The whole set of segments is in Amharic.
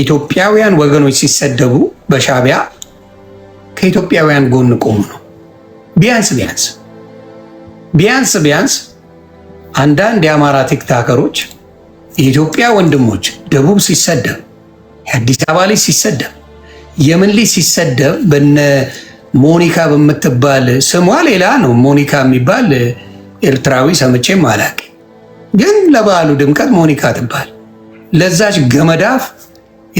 ኢትዮጵያውያን ወገኖች ሲሰደቡ በሻቢያ ከኢትዮጵያውያን ጎን ቆሙ ነው። ቢያንስ ቢያንስ ቢያንስ ቢያንስ አንዳንድ የአማራ ቲክታከሮች የኢትዮጵያ ወንድሞች ደቡብ ሲሰደብ፣ የአዲስ አበባ ልጅ ሲሰደብ፣ የምን ልጅ ሲሰደብ በነ ሞኒካ በምትባል ስሟ ሌላ ነው ሞኒካ የሚባል ኤርትራዊ ሰምቼም አላውቅም። ግን ለበዓሉ ድምቀት ሞኒካ ትባል ለዛች ገመዳፍ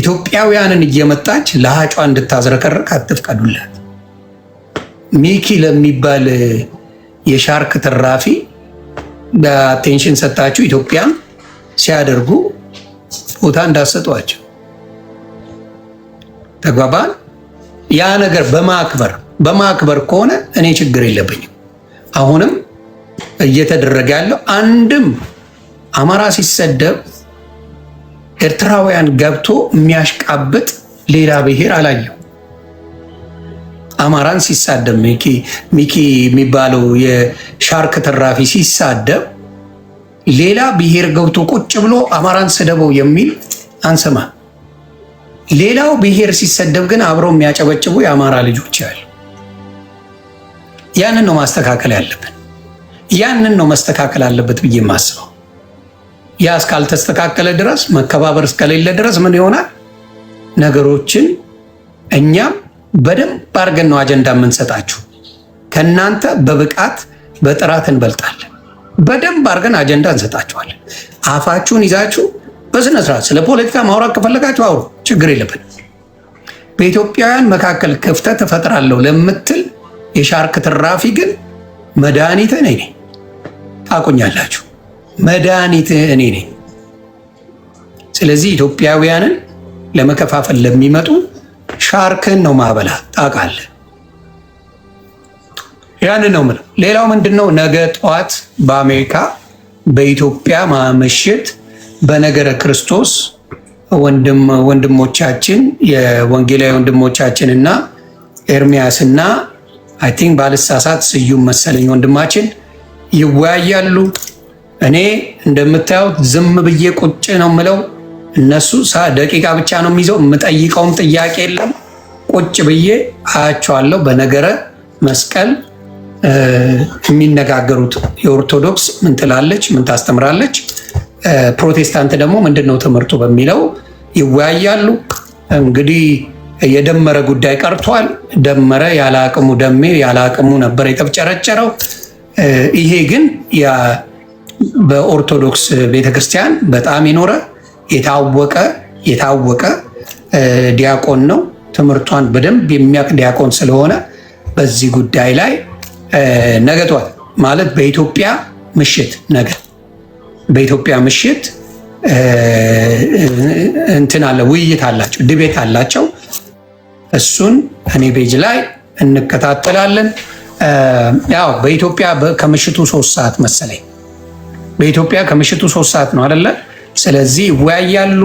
ኢትዮጵያውያንን እየመጣች ለሀጯ እንድታዝረከርክ አትፍቀዱላት። ሚኪ ለሚባል የሻርክ ትራፊ አቴንሽን ሰጣችሁ ኢትዮጵያን ሲያደርጉ ቦታ እንዳሰጧቸው ተግባባል። ያ ነገር በማክበር በማክበር ከሆነ እኔ ችግር የለብኝም። አሁንም እየተደረገ ያለው አንድም አማራ ሲሰደብ ኤርትራውያን ገብቶ የሚያሽቃብጥ ሌላ ብሔር አላየው። አማራን ሲሳደብ ሚኪ የሚባለው የሻርክ ተራፊ ሲሳደብ ሌላ ብሔር ገብቶ ቁጭ ብሎ አማራን ስደበው የሚል አንሰማ። ሌላው ብሔር ሲሰደብ ግን አብረው የሚያጨበጭቡ የአማራ ልጆች ያሉ። ያንን ነው ማስተካከል ያለብን። ያንን ነው መስተካከል አለበት ብዬ የማስበው። ያ እስካልተስተካከለ ድረስ መከባበር እስከሌለ ድረስ ምን ይሆናል? ነገሮችን እኛም በደንብ አድርገን ነው አጀንዳ የምንሰጣችሁ። ከእናንተ በብቃት በጥራት እንበልጣለን። በደንብ አድርገን አጀንዳ እንሰጣችኋለን። አፋችሁን ይዛችሁ በስነ ስርዓት ስለ ፖለቲካ ማውራት ከፈለጋችሁ አውሩ፣ ችግር የለብን። በኢትዮጵያውያን መካከል ክፍተት እፈጥራለሁ ለምትል የሻርክ ትራፊ ግን መድኃኒት ነኝ። ታቁኛላችሁ። መድኃኒትህ እኔ ነኝ። ስለዚህ ኢትዮጵያውያንን ለመከፋፈል ለሚመጡ ሻርክን ነው ማበላ ታውቃለህ። ያንን ነው ምለው። ሌላው ምንድን ነው? ነገ ጠዋት በአሜሪካ በኢትዮጵያ ማመሽት በነገረ ክርስቶስ ወንድሞቻችን የወንጌላዊ ወንድሞቻችን እና ኤርሚያስ እና አይ ቲንክ ባልሳሳት ስዩም መሰለኝ ወንድማችን ይወያያሉ። እኔ እንደምታዩት ዝም ብዬ ቁጭ ነው የምለው። እነሱ ደቂቃ ብቻ ነው የሚይዘው። የምጠይቀውም ጥያቄ የለም። ቁጭ ብዬ አያቸዋለሁ። በነገረ መስቀል የሚነጋገሩት የኦርቶዶክስ ምን ትላለች፣ ምን ታስተምራለች፣ ፕሮቴስታንት ደግሞ ምንድን ነው ትምህርቱ በሚለው ይወያያሉ። እንግዲህ የደመረ ጉዳይ ቀርቷል። ደመረ ያለ አቅሙ ደሜ ያለ አቅሙ ነበር የተብጨረጨረው። ይሄ ግን በኦርቶዶክስ ቤተክርስቲያን በጣም የኖረ የታወቀ የታወቀ ዲያቆን ነው። ትምህርቷን በደንብ የሚያውቅ ዲያቆን ስለሆነ በዚህ ጉዳይ ላይ ነገ ማለት በኢትዮጵያ ምሽት ነገ በኢትዮጵያ ምሽት እንትን አለ ውይይት አላቸው፣ ድቤት አላቸው። እሱን እኔ ቤጅ ላይ እንከታተላለን። ያው በኢትዮጵያ ከምሽቱ ሶስት ሰዓት መሰለኝ በኢትዮጵያ ከምሽቱ ሶስት ሰዓት ነው አይደለ? ስለዚህ ይወያያሉ።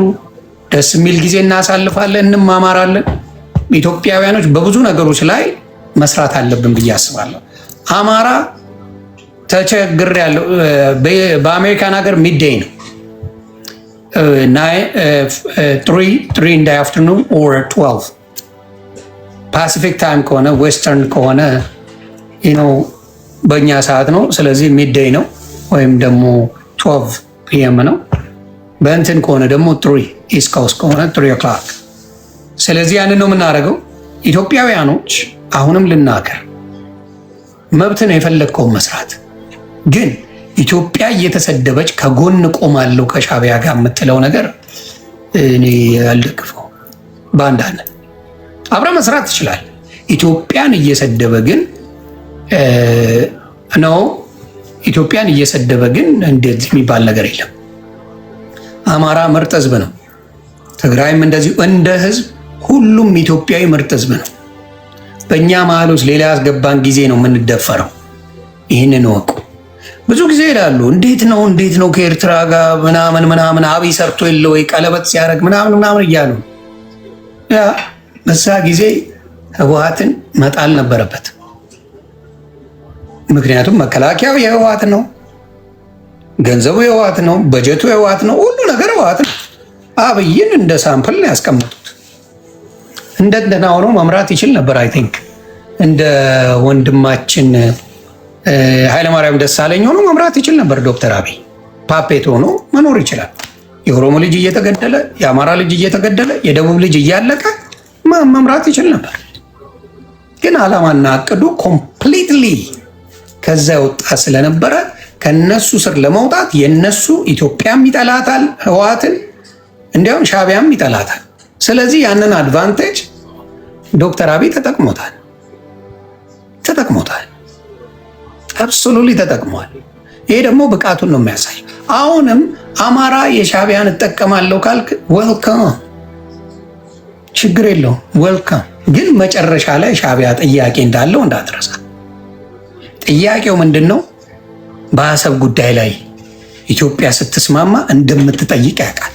ደስ የሚል ጊዜ እናሳልፋለን፣ እንማማራለን። ኢትዮጵያውያኖች በብዙ ነገሮች ላይ መስራት አለብን ብዬ አስባለሁ። አማራ ተቸግር ያለው በአሜሪካን ሀገር ሚድዴይ ነው አፍተርኑን ኦር ትዌልቭ ፓሲፊክ ታይም ከሆነ ዌስተርን ከሆነ ነው በእኛ ሰዓት ነው። ስለዚህ ሚድዴይ ነው። ወይም ደግሞ ቶቭ ፒኤም ነው። በእንትን ከሆነ ደግሞ ትሪ ከሆነ ትሪ ኦክላክ። ስለዚህ ያንን ነው የምናደርገው። ኢትዮጵያውያኖች አሁንም ልናገር፣ መብት ነው የፈለግከውን መስራት። ግን ኢትዮጵያ እየተሰደበች ከጎን ቆማለሁ ከሻቢያ ጋር የምትለው ነገር እኔ ያልደግፈው። በአንዳንድ አብረ መስራት ትችላል። ኢትዮጵያን እየሰደበ ግን ነው ኢትዮጵያን እየሰደበ ግን እንደዚህ የሚባል ነገር የለም። አማራ ምርጥ ህዝብ ነው። ትግራይም እንደዚሁ እንደ ህዝብ ሁሉም ኢትዮጵያዊ ምርጥ ህዝብ ነው። በእኛ መሀል ውስጥ ሌላ ያስገባን ጊዜ ነው የምንደፈረው። ይህንን እወቁ። ብዙ ጊዜ ይላሉ እንዴት ነው እንዴት ነው ከኤርትራ ጋር ምናምን ምናምን አብይ ሰርቶ የለ ወይ ቀለበት ሲያደርግ ምናምን ምናምን እያሉ ያ በዛ ጊዜ ህወሀትን መጣል ነበረበት። ምክንያቱም መከላከያው የህወሓት ነው፣ ገንዘቡ የህወሓት ነው፣ በጀቱ የህወሓት ነው፣ ሁሉ ነገር ህወሓት ነው። አብይን እንደ ሳምፕል ያስቀመጡት እንደ እንትና ሆኖ መምራት ይችል ነበር። አይ ቲንክ እንደ ወንድማችን ኃይለማርያም ደሳለኝ ሆኖ መምራት ይችል ነበር። ዶክተር አብይ ፓፔት ሆኖ መኖር ይችላል። የኦሮሞ ልጅ እየተገደለ የአማራ ልጅ እየተገደለ የደቡብ ልጅ እያለቀ መምራት ይችል ነበር። ግን አላማና አቅዱ ኮምፕሊትሊ ከዛ የወጣ ስለነበረ ከነሱ ስር ለመውጣት የነሱ ኢትዮጵያም ይጠላታል ህወሓትን፣ እንዲያውም ሻቢያም ይጠላታል። ስለዚህ ያንን አድቫንቴጅ ዶክተር አብይ ተጠቅሞታል ተጠቅሞታል አብሶሉሊ ተጠቅሟል። ይሄ ደግሞ ብቃቱን ነው የሚያሳይ። አሁንም አማራ የሻቢያን እጠቀማለሁ ካልክ ወልካም ችግር የለውም፣ ወልካም ግን መጨረሻ ላይ ሻቢያ ጥያቄ እንዳለው እንዳትረሳ። ጥያቄው ምንድን ነው? በአሰብ ጉዳይ ላይ ኢትዮጵያ ስትስማማ እንደምትጠይቅ ያውቃል።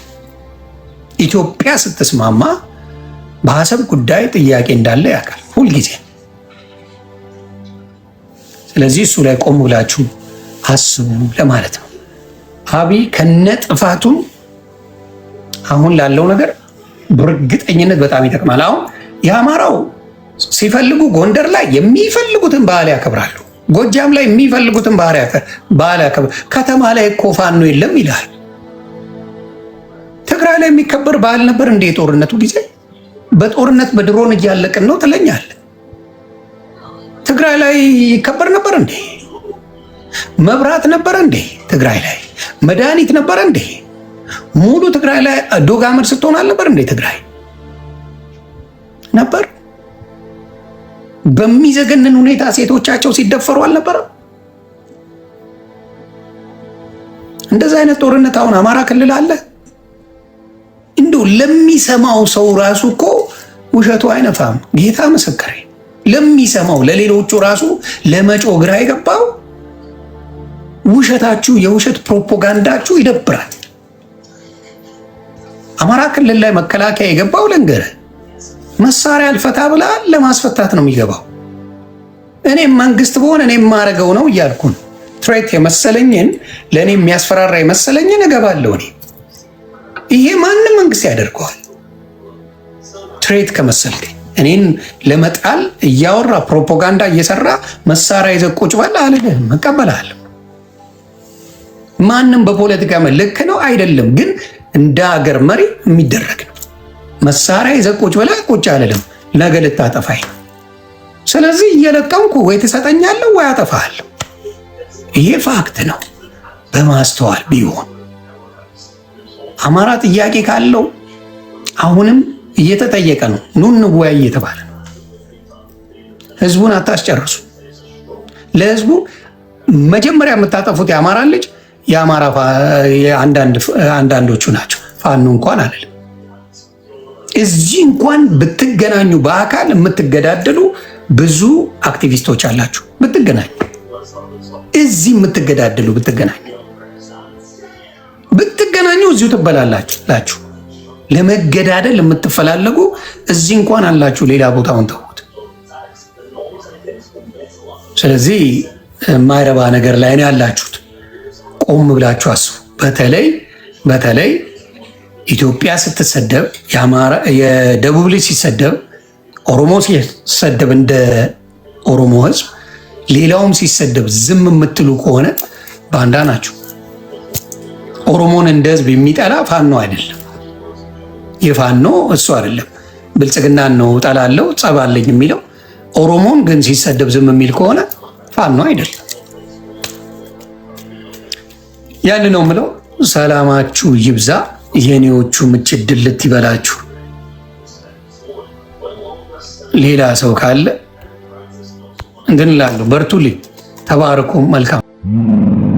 ኢትዮጵያ ስትስማማ በአሰብ ጉዳይ ጥያቄ እንዳለ ያውቃል ሁልጊዜ። ስለዚህ እሱ ላይ ቆም ብላችሁ አስቡ ለማለት ነው። አብይ ከነ ጥፋቱም አሁን ላለው ነገር በእርግጠኝነት በጣም ይጠቅማል። አሁን የአማራው ሲፈልጉ ጎንደር ላይ የሚፈልጉትን ባህል ያከብራሉ። ጎጃም ላይ የሚፈልጉትን ባህል ከተማ ላይ እኮ ፋኖ የለም ይላል። ትግራይ ላይ የሚከበር ባህል ነበር እንደ የጦርነቱ ጊዜ በጦርነት በድሮን እያለቅን ነው ትለኛል። ትግራይ ላይ ይከበር ነበር እንዴ? መብራት ነበር እንዴ? ትግራይ ላይ መድኃኒት ነበር እንዴ? ሙሉ ትግራይ ላይ ዶግ አመድ ስትሆን አልነበር እንዴ? ትግራይ ነበር በሚዘገንን ሁኔታ ሴቶቻቸው ሲደፈሩ አልነበረም። እንደዚህ አይነት ጦርነት አሁን አማራ ክልል አለ። እንዲሁ ለሚሰማው ሰው ራሱ እኮ ውሸቱ አይነፋም። ጌታ ምስክሬ፣ ለሚሰማው ለሌሎቹ ራሱ ለመጮ ግራ የገባው ውሸታችሁ፣ የውሸት ፕሮፓጋንዳችሁ ይደብራል። አማራ ክልል ላይ መከላከያ የገባው ልንገርህ መሳሪያ አልፈታ ብላ ለማስፈታት ነው የሚገባው። እኔም መንግስት በሆን እኔም ማረገው ነው እያልኩ ነው። ትሬት የመሰለኝን ለእኔ የሚያስፈራራ የመሰለኝን እገባለሁ እኔ። ይሄ ማንም መንግስት ያደርገዋል። ትሬት ከመሰልከኝ እኔን ለመጣል እያወራ ፕሮፓጋንዳ እየሰራ መሳሪያ ይዘህ ቁጭ በል አልልህም፣ እቀበልሃለሁ። ማንም በፖለቲካ ልክ ነው አይደለም፣ ግን እንደ ሀገር መሪ የሚደረግ ነው። መሳሪያ ይዘህ ቁጭ ብለህ ቁጭ አልልም። ነገ ልታጠፋኝ። ስለዚህ እየለቀምኩ ወይ ትሰጠኛለህ ወይ አጠፋሃለሁ። ይሄ ፋክት ነው። በማስተዋል ቢሆን አማራ ጥያቄ ካለው አሁንም እየተጠየቀ ነው። ኑ እንወያይ እየተባለ ነው። ህዝቡን አታስጨርሱ። ለህዝቡ መጀመሪያ የምታጠፉት የአማራን ልጅ የአማራ አንዳንዶቹ ናቸው። ፋኖ እንኳን አለል እዚህ እንኳን ብትገናኙ በአካል የምትገዳደሉ ብዙ አክቲቪስቶች አላችሁ። ብትገናኝ እዚህ የምትገዳደሉ ብትገናኝ ብትገናኙ እዚሁ ትበላላችሁ። ለመገዳደል የምትፈላለጉ እዚህ እንኳን አላችሁ። ሌላ ቦታውን ተዉት። ስለዚህ የማይረባ ነገር ላይ ነው ያላችሁት። ቆም ብላችሁ አስቡ። በተለይ በተለይ ኢትዮጵያ ስትሰደብ፣ የደቡብ ልጅ ሲሰደብ፣ ኦሮሞ ሲሰደብ እንደ ኦሮሞ ህዝብ ሌላውም ሲሰደብ ዝም የምትሉ ከሆነ ባንዳ ናቸው። ኦሮሞን እንደ ህዝብ የሚጠላ ፋኖ አይደለም። የፋኖ እሱ አይደለም። ብልጽግና ነው ጠላለው ጸባለኝ የሚለው ኦሮሞን ግን ሲሰደብ ዝም የሚል ከሆነ ፋኖ አይደለም። ያን ነው የምለው። ሰላማችሁ ይብዛ። የኔዎቹ ምችት ድልት ይበላችሁ። ሌላ ሰው ካለ እንትን እላለሁ። በርቱልኝ። መልካም